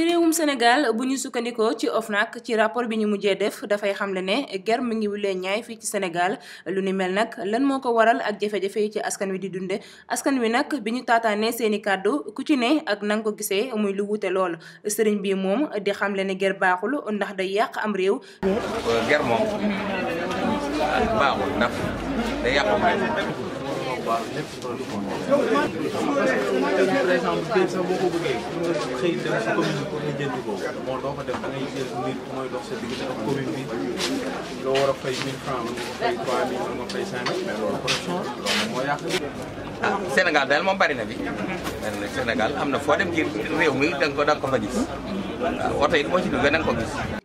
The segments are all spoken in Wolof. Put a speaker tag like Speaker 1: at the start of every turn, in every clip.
Speaker 1: ci réewum Sénégal bu ñu sukkandikoo ci OFNAC ci rapport bi ñu mujjee def dafay xamle ne ger mi ngi wulee ñaay fii ci Sénégal lu ni mel nag lan moo ko waral ak jafe-jafe ci askan wi di dunde askan wi nag bi ñu taataanee seeni kàddu ku ci ne ak nang ko gisee muy lu wute lool sëriñ bi moom di xam ne ger baaxul ndax day yàq am réew. ger moom
Speaker 2: baaxul ndax day yàq am réew waaw lépp loolu moom par exemple tey def da ngay war a fay 1000 francs nga fay 3000 nga daal moom bari na bi. bari am na foo dem ci réew mi da nga ko fa gis.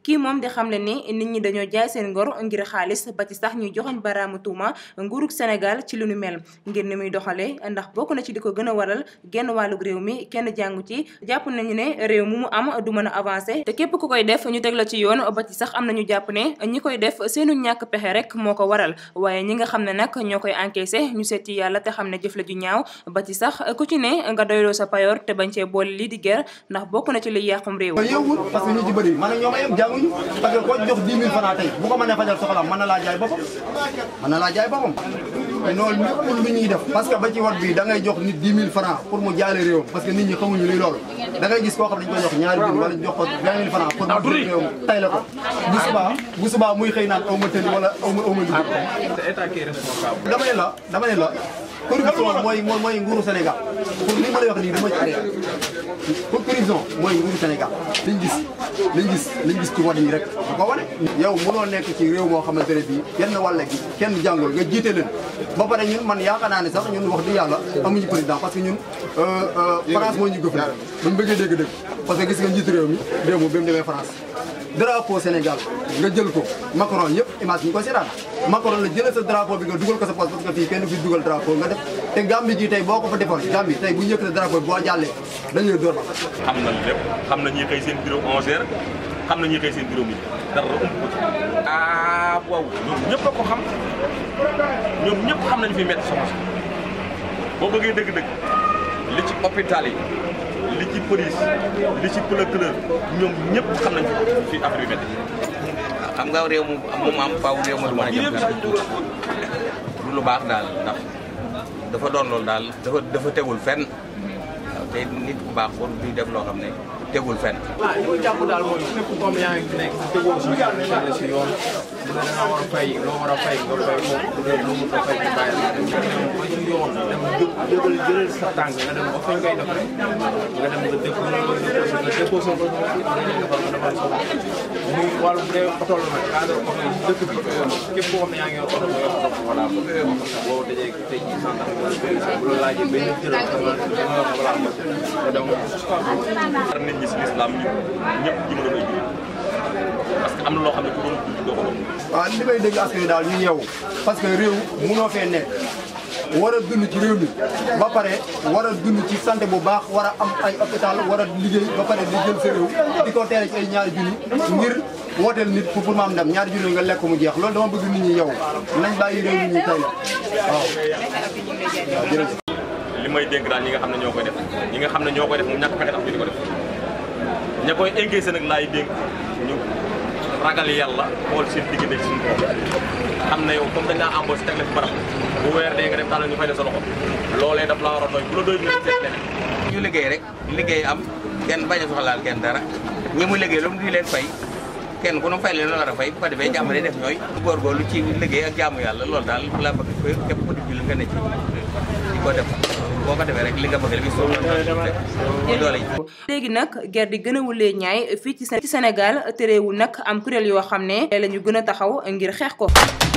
Speaker 1: kii moom di xamle ni nit ñi dañoo jaay seen ngor ngir xaalis ba ci sax ñuy joxoñ baraamu tuuma nguurug Sénégal ci lu nu mel ngir ni muy doxalee ndax bokk na ci di ko gën a waral genn wàllug réew mi kenn jàngu ci jàpp nañu ne réew mu mu am du mën a avancer. te képp ku koy def ñu teg ci yoon ba sax am nañu jàpp ne ñi koy def seenu ñàkk pexe rek moo ko waral waaye ñi nga xam ne nag ñoo koy encaissé ñu seet ci yàlla te xam ne jëf la ju ñaaw ba ci sax ku ci ne nga doyloo sa payoor te bañ cee boole lii di ger ndax bokk na ci li yàqum réew yeewul
Speaker 2: parce que ñu ci bëri man ak ñoom a yem jànguñu parce que koo jox 10 000 francs tey bu fajal soxlaam mën na laa jaay boppam mën a laa jaay boppam noonu lépp ñuy def parce que ba ci wat bi da jox nit 10 mil francs pour mu jaale réewam parce que nit ñi xamuñu luy loolu da ngay gis koo xam ne dañ ko jox ñaari bi wala jox ko 20 000 francs pour mu réewam tay la ko bu muy xëy naan aw ma tëli wala aw ma aw ma dama ne la dama ne la corruption mooy mooy nguuru Sénégal pour pour prison mooy nguuru Sénégal liñ gis liñ gis liñ gis ci wàll yi rek da ko wane. yow mënoo nekk ci réew moo xamante ne bii kenn wàll gi kenn jàngul nga jiite leen ba pare ñun man yaakaar naa ne sax ñun wax dëgg yàlla amuñu président parce que ñun euh, euh, France moo ñu gëfal bu ñu bëggee dégg-dégg parce que gis nga njiitu réew mi réew moom demee France drapeau Sénégal nga jël ko Macron yëpp image ñu ko seetaan Macron la jëlee sa drapeau bi nga dugal ko sa poche parce que te Gambie ji tey boo ko fa defoon Gambie tey bu ñu yëkkatee drapeau boo jàllee dañu la door ba. xam nañ lépp xam nañ ñuy xëy seen bureau 11h xam na ñu xëy seen bureau midi dara ump ko ci. ah xam ñoom ñëpp nañ fi métti semence boo bëggee dëgg-dëgg li ci hôpital yi li ci police li ci procureur ñoom ñëpp xam nañ fi affaire yu xam nga réew mu moom am faaw réew ma du mën a jëm lu baax daal ndax. dafa doon loolu daal dafa dafa tegul fenn waaw te nit ku baax lool di def loo xam ne tegul fenn. ah li ma daal mooy su nekk comme yaa ngi nekk si yoon. na da nga war a fay loo war a fay nga fay moom loolu lu mu fay ci bàyyi la dem ba ci yoon dem jëgal jëlal sa tànk nga dem ba fañ koy def rek nga dem nga dëkk nga déposé ko nga defar nga defar sa bopp muy wàllu bu dee oto la nag cadre oto yi dëkk bi képp koo xam ne yaa ngi yor oto nga yor oto voilà boo dajee tey ci santam bu la laajee benn tëral nga voilà donc nit ñi si lislaam ñëpp ñëpp ñu mën a parce que am na loo xam ne ku doon dund doo dégg askan daal ñu yeewu parce que réew munoo fee nekk war a dund ci réew mi pare war a dund ci santé bu baax war a am ay hôpital war a liggéey ba pare sa réew di ko teere ci ñaari junni ngir wooteel nit pour pour ma am ndam ñaari junni nga lekk mu jeex loolu dama bëgg nit ñi yow nañ bàyyi réew mi ñu tey la waaw waaw jërëjëf li nga xam ne ñoo koy def ñi nga xam ne ñoo koy def mu ñàkk pexe tax ñu di ko def ña koy engagé nag laay dénk ñu ragal yàlla xool seen diggante suñu bopp xam ne yow comme dañ laa embauché teg la fi barab bu weer dee nga dem tàllal ñu fay la sa loolee daf laa war a doy bu la doy ñu seet leneen ñu liggéey rek liggéey am kenn bañ a soxlaal kenn dara ñi mu liggéey lu mu di leen fay kenn ku nu fay leen la war a fay bu ko defee jàmm day def ñooy góorgóorlu ci liggéey ak jaamu yàlla lool daal laa bëgg ko képp ko dugg li nga ne ci di ko def boo ko defee rek li nga bëgg soo doole ji
Speaker 1: léegi nag ger di gën a ñaay fii ci senegal terewul nag am kuréel yoo xam ne la ñu gën a taxaw ngir xeex ko